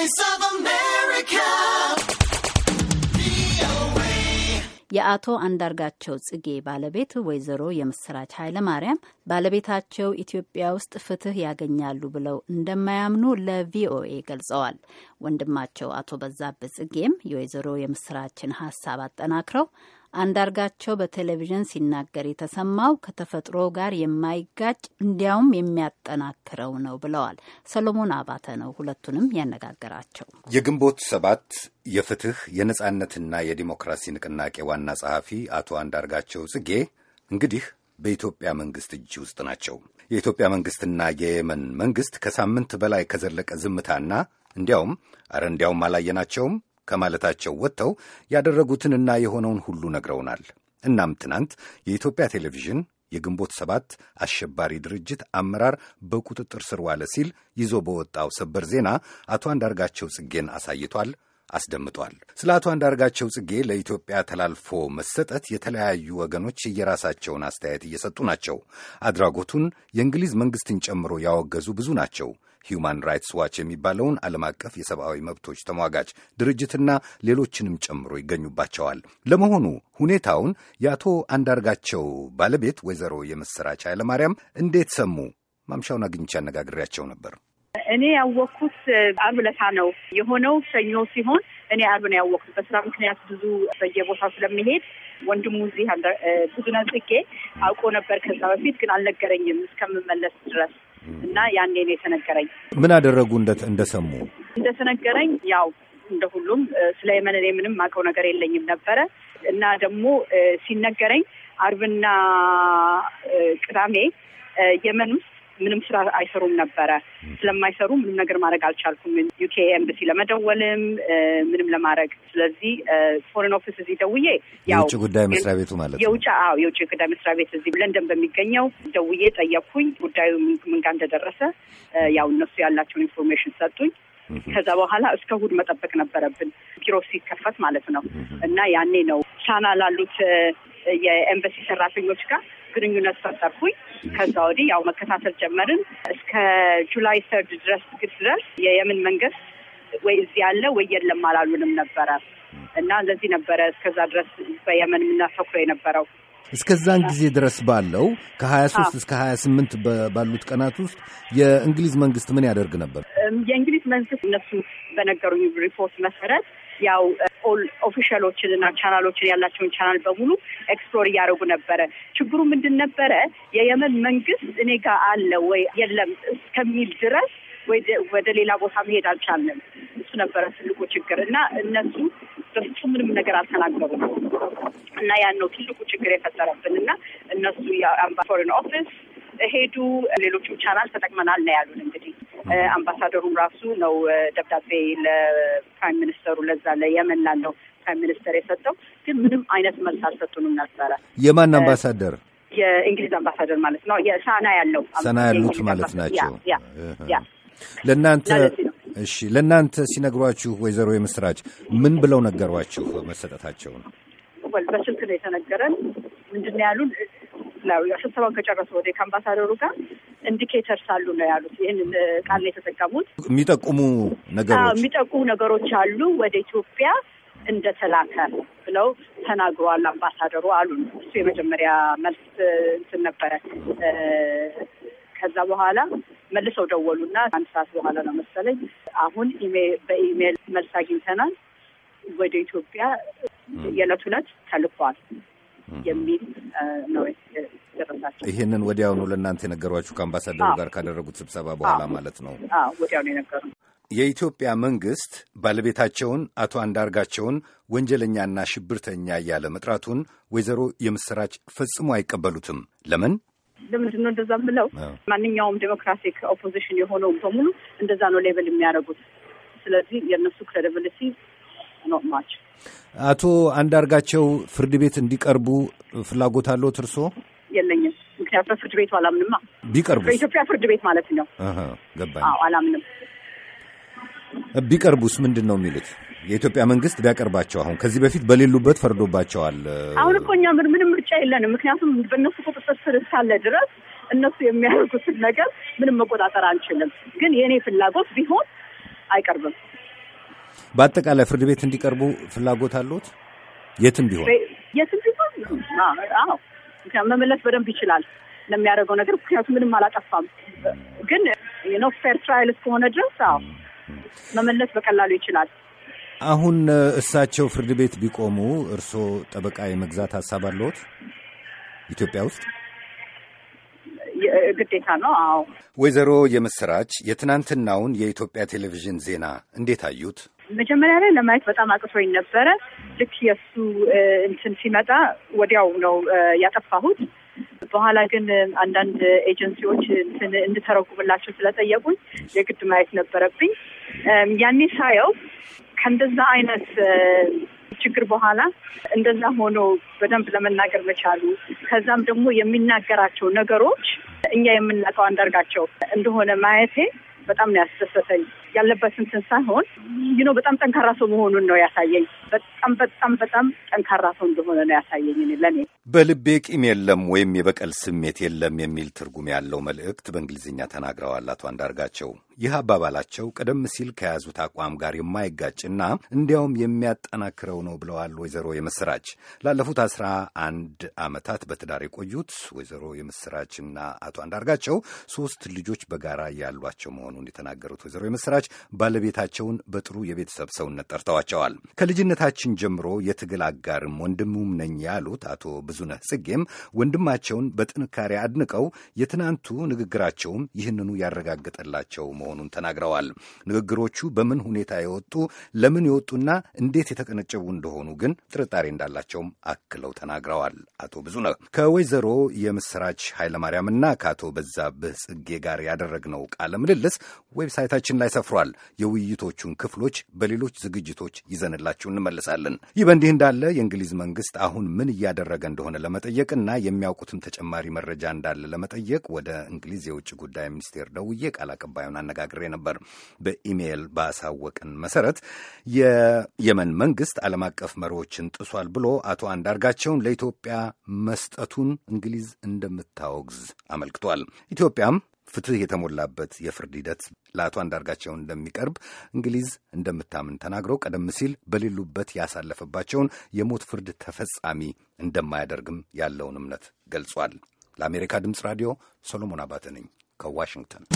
Voice የአቶ አንዳርጋቸው ጽጌ ባለቤት ወይዘሮ የምስራች ኃይለማርያም ባለቤታቸው ኢትዮጵያ ውስጥ ፍትህ ያገኛሉ ብለው እንደማያምኑ ለቪኦኤ ገልጸዋል። ወንድማቸው አቶ በዛብህ ጽጌም የወይዘሮ የምስራችን ሀሳብ አጠናክረው አንዳርጋቸው በቴሌቪዥን ሲናገር የተሰማው ከተፈጥሮ ጋር የማይጋጭ እንዲያውም የሚያጠናክረው ነው ብለዋል። ሰሎሞን አባተ ነው ሁለቱንም ያነጋገራቸው። የግንቦት ሰባት የፍትህ የነጻነትና የዲሞክራሲ ንቅናቄ ዋና ጸሐፊ አቶ አንዳርጋቸው ጽጌ እንግዲህ በኢትዮጵያ መንግስት እጅ ውስጥ ናቸው። የኢትዮጵያ መንግስትና የየመን መንግስት ከሳምንት በላይ ከዘለቀ ዝምታና እንዲያውም አረ እንዲያውም አላየናቸውም ከማለታቸው ወጥተው ያደረጉትንና የሆነውን ሁሉ ነግረውናል። እናም ትናንት የኢትዮጵያ ቴሌቪዥን የግንቦት ሰባት አሸባሪ ድርጅት አመራር በቁጥጥር ስር ዋለ ሲል ይዞ በወጣው ሰበር ዜና አቶ አንዳርጋቸው ጽጌን አሳይቷል፣ አስደምጧል። ስለ አቶ አንዳርጋቸው ጽጌ ለኢትዮጵያ ተላልፎ መሰጠት የተለያዩ ወገኖች የየራሳቸውን አስተያየት እየሰጡ ናቸው። አድራጎቱን የእንግሊዝ መንግሥትን ጨምሮ ያወገዙ ብዙ ናቸው። ሂዩማን ራይትስ ዋች የሚባለውን ዓለም አቀፍ የሰብአዊ መብቶች ተሟጋች ድርጅትና ሌሎችንም ጨምሮ ይገኙባቸዋል። ለመሆኑ ሁኔታውን የአቶ አንዳርጋቸው ባለቤት ወይዘሮ የምስራች ኃይለማርያም እንዴት ሰሙ? ማምሻውን አግኝቼ አነጋግሬያቸው ነበር። እኔ ያወቅኩት አርብ ለታ ነው የሆነው። ሰኞ ሲሆን እኔ አርብ ነው ያወቅኩት። በስራ ምክንያት ብዙ በየቦታው ስለሚሄድ ወንድሙ እዚህ ብዙ ነጽጌ አውቆ ነበር ከዛ በፊት ግን አልነገረኝም እስከምመለስ ድረስ እና ያኔ ነው የተነገረኝ። ምን አደረጉ እንደሰሙ? እንደተነገረኝ ያው እንደ ሁሉም ስለ የመን እኔ ምንም የማውቀው ነገር የለኝም ነበረ እና ደግሞ ሲነገረኝ አርብና ቅዳሜ የመን ውስጥ ምንም ስራ አይሰሩም ነበረ። ስለማይሰሩ ምንም ነገር ማድረግ አልቻልኩም። ዩኬ ኤምባሲ ለመደወልም ምንም ለማድረግ ስለዚህ ፎሬን ኦፊስ እዚህ ደውዬ የውጭ ጉዳይ መስሪያ ቤቱ ማለት የውጭ አዎ የውጭ ጉዳይ መስሪያ ቤት እዚህ ለንደን በሚገኘው ደውዬ ጠየቅኩኝ። ጉዳዩ ምን ጋር እንደደረሰ ያው እነሱ ያላቸውን ኢንፎርሜሽን ሰጡኝ። ከዛ በኋላ እስከ እሑድ መጠበቅ ነበረብን ቢሮ ሲከፈት ማለት ነው። እና ያኔ ነው ቻና ላሉት የኤምባሲ ሰራተኞች ጋር ግንኙነት ፈጠርኩኝ። ከዛ ወዲህ ያው መከታተል ጀመርን። እስከ ጁላይ ሰርድ ድረስ ግድ ድረስ የየመን መንግስት ወይ እዚህ ያለ ወይ የለም አላሉንም ነበረ እና እንደዚህ ነበረ እስከዛ ድረስ በየመን የምናተኩረ የነበረው እስከዛን ጊዜ ድረስ ባለው ከ23 እስከ 28 ባሉት ቀናት ውስጥ የእንግሊዝ መንግስት ምን ያደርግ ነበር? የእንግሊዝ መንግስት እነሱ በነገሩኝ ሪፖርት መሰረት ያው ኦል ኦፊሻሎችን እና ቻናሎችን ያላቸውን ቻናል በሙሉ ኤክስፕሎር እያደረጉ ነበረ። ችግሩ ምንድን ነበረ? የየመን መንግስት እኔ ጋር አለ ወይ የለም እስከሚል ድረስ ወደ ሌላ ቦታ መሄድ አልቻለም። እሱ ነበረ ትልቁ ችግር እና እነሱ በፍጹም ምንም ነገር አልተናገሩም እና ያን ነው ትልቁ ችግር የፈጠረብን እና እነሱ የአምባፎሪን ኦፊስ ሄዱ። ሌሎቹም ቻናል ተጠቅመናል ነው ያሉን። እንግዲህ አምባሳደሩም ራሱ ነው ደብዳቤ ፕራይም ሚኒስተሩ ለዛ ለየመን ላለው ፕራይም ሚኒስተር የሰጠው ግን ምንም አይነት መልስ አልሰጡንም ነበረ። የማን አምባሳደር? የእንግሊዝ አምባሳደር ማለት ነው። የሳና ያለው ሰና ያሉት ማለት ናቸው። ለእናንተ እሺ፣ ለእናንተ ሲነግሯችሁ ወይዘሮ የምስራች ምን ብለው ነገሯችሁ መሰጠታቸውን? በስልክ ነው የተነገረን። ምንድን ነው ያሉን? ስብሰባውን ከጨረሱ ወደ ከአምባሳደሩ ጋር ኢንዲኬተርስ አሉ ነው ያሉት። ይህንን ቃል ነው የተጠቀሙት። የሚጠቁሙ ነገሮች የሚጠቁሙ ነገሮች አሉ ወደ ኢትዮጵያ እንደተላከ ብለው ተናግሯል አምባሳደሩ አሉ። እሱ የመጀመሪያ መልስ እንትን ነበረ። ከዛ በኋላ መልሰው ደወሉና አንድ ሰዓት በኋላ ነው መሰለኝ አሁን በኢሜይል መልስ አግኝተናል ወደ ኢትዮጵያ የዕለት ዕለት ተልኳል የሚል ነው ይህንን ወዲያውኑ ለእናንተ የነገሯችሁ ከአምባሳደሩ ጋር ካደረጉት ስብሰባ በኋላ ማለት ነው? ወዲያውኑ የነገሩ የኢትዮጵያ መንግስት ባለቤታቸውን አቶ አንዳርጋቸውን ወንጀለኛና ሽብርተኛ እያለ መጥራቱን ወይዘሮ የምስራች ፈጽሞ አይቀበሉትም። ለምን ለምንድን ነው እንደዛ ምለው? ማንኛውም ዴሞክራቲክ ኦፖዚሽን የሆነው በሙሉ እንደዛ ነው ሌበል የሚያደርጉት። ስለዚህ የእነሱ ክሬዲብሊቲ ነው much. አቶ አንዳርጋቸው ፍርድ ቤት እንዲቀርቡ ፍላጎት አለዎት እርሶ የለኝም። ምክንያቱም በፍርድ ቤቱ አላምንማ። ቢቀርቡ በኢትዮጵያ ፍርድ ቤት ማለት ነው። ገባኝ። አላምንም። ቢቀርቡስ ምንድን ነው የሚሉት? የኢትዮጵያ መንግስት ቢያቀርባቸው አሁን ከዚህ በፊት በሌሉበት ፈርዶባቸዋል። አሁን እኮ እኛ ምንም ምርጫ የለንም። ምክንያቱም በእነሱ ቁጥጥር ስር እስካለ ድረስ እነሱ የሚያደርጉትን ነገር ምንም መቆጣጠር አንችልም። ግን የእኔ ፍላጎት ቢሆን አይቀርብም። በአጠቃላይ ፍርድ ቤት እንዲቀርቡ ፍላጎት አለት የትም ቢሆን የትም ቢሆን መመለስ በደንብ ይችላል ለሚያደርገው ነገር ምክንያቱም ምንም አላጠፋም። ግን ነው ፌር ትራይል እስከሆነ ድረስ መመለስ በቀላሉ ይችላል። አሁን እሳቸው ፍርድ ቤት ቢቆሙ እርስዎ ጠበቃ የመግዛት ሀሳብ አለዎት? ኢትዮጵያ ውስጥ ግዴታ ነው። አዎ። ወይዘሮ የምስራች የትናንትናውን የኢትዮጵያ ቴሌቪዥን ዜና እንዴት አዩት? መጀመሪያ ላይ ለማየት በጣም አቅቶኝ ነበረ። ልክ የእሱ እንትን ሲመጣ ወዲያው ነው ያጠፋሁት። በኋላ ግን አንዳንድ ኤጀንሲዎች እንትን እንድተረጉምላቸው ስለጠየቁኝ የግድ ማየት ነበረብኝ። ያኔ ሳየው ከእንደዛ አይነት ችግር በኋላ እንደዛ ሆኖ በደንብ ለመናገር መቻሉ ከዛም ደግሞ የሚናገራቸው ነገሮች እኛ የምናውቀው አንዳርጋቸው እንደሆነ ማየቴ በጣም ነው ያስደሰተኝ። ያለበትን እንትን ሳይሆን ይኖ በጣም ጠንካራ ሰው መሆኑን ነው ያሳየኝ። በጣም በጣም በጣም ጠንካራ ሰው እንደሆነ ነው ያሳየኝ። ለእኔ በልቤ ቂም የለም ወይም የበቀል ስሜት የለም የሚል ትርጉም ያለው መልእክት በእንግሊዝኛ ተናግረዋል አቶ አንዳርጋቸው። ይህ አባባላቸው ቀደም ሲል ከያዙት አቋም ጋር የማይጋጭና እንዲያውም የሚያጠናክረው ነው ብለዋል ወይዘሮ የምስራች። ላለፉት አስራ አንድ ዓመታት በትዳር የቆዩት ወይዘሮ የምስራችና አቶ አንዳርጋቸው ሶስት ልጆች በጋራ ያሏቸው መሆኑን የተናገሩት ወይዘሮ የምስራች ተወዳጅ ባለቤታቸውን በጥሩ የቤተሰብ ሰውነት ጠርተዋቸዋል። ከልጅነታችን ጀምሮ የትግል አጋርም ወንድሙም ነኝ ያሉት አቶ ብዙነህ ጽጌም ወንድማቸውን በጥንካሬ አድንቀው የትናንቱ ንግግራቸውም ይህንኑ ያረጋገጠላቸው መሆኑን ተናግረዋል። ንግግሮቹ በምን ሁኔታ የወጡ ለምን የወጡና እንዴት የተቀነጨቡ እንደሆኑ ግን ጥርጣሬ እንዳላቸውም አክለው ተናግረዋል። አቶ ብዙነህ ከወይዘሮ የምስራች ኃይለማርያምና ከአቶ በዛብህ ጽጌ ጋር ያደረግነው ቃለ ምልልስ ዌብሳይታችን ላይ ሰፍሯል። ሰፍሯል። የውይይቶቹን ክፍሎች በሌሎች ዝግጅቶች ይዘንላችሁ እንመልሳለን። ይህ በእንዲህ እንዳለ የእንግሊዝ መንግስት አሁን ምን እያደረገ እንደሆነ ለመጠየቅና የሚያውቁትም ተጨማሪ መረጃ እንዳለ ለመጠየቅ ወደ እንግሊዝ የውጭ ጉዳይ ሚኒስቴር ደውዬ ቃል አቀባዩን አነጋግሬ ነበር። በኢሜይል ባሳወቅን መሰረት የየመን መንግስት ዓለም አቀፍ መሪዎችን ጥሷል ብሎ አቶ አንዳርጋቸውን ለኢትዮጵያ መስጠቱን እንግሊዝ እንደምታወግዝ አመልክቷል። ኢትዮጵያም ፍትህ የተሞላበት የፍርድ ሂደት ለአቶ አንዳርጋቸው እንደሚቀርብ እንግሊዝ እንደምታምን ተናግረው ቀደም ሲል በሌሉበት ያሳለፈባቸውን የሞት ፍርድ ተፈጻሚ እንደማያደርግም ያለውን እምነት ገልጿል። ለአሜሪካ ድምፅ ራዲዮ ሰሎሞን አባተ ነኝ ከዋሽንግተን።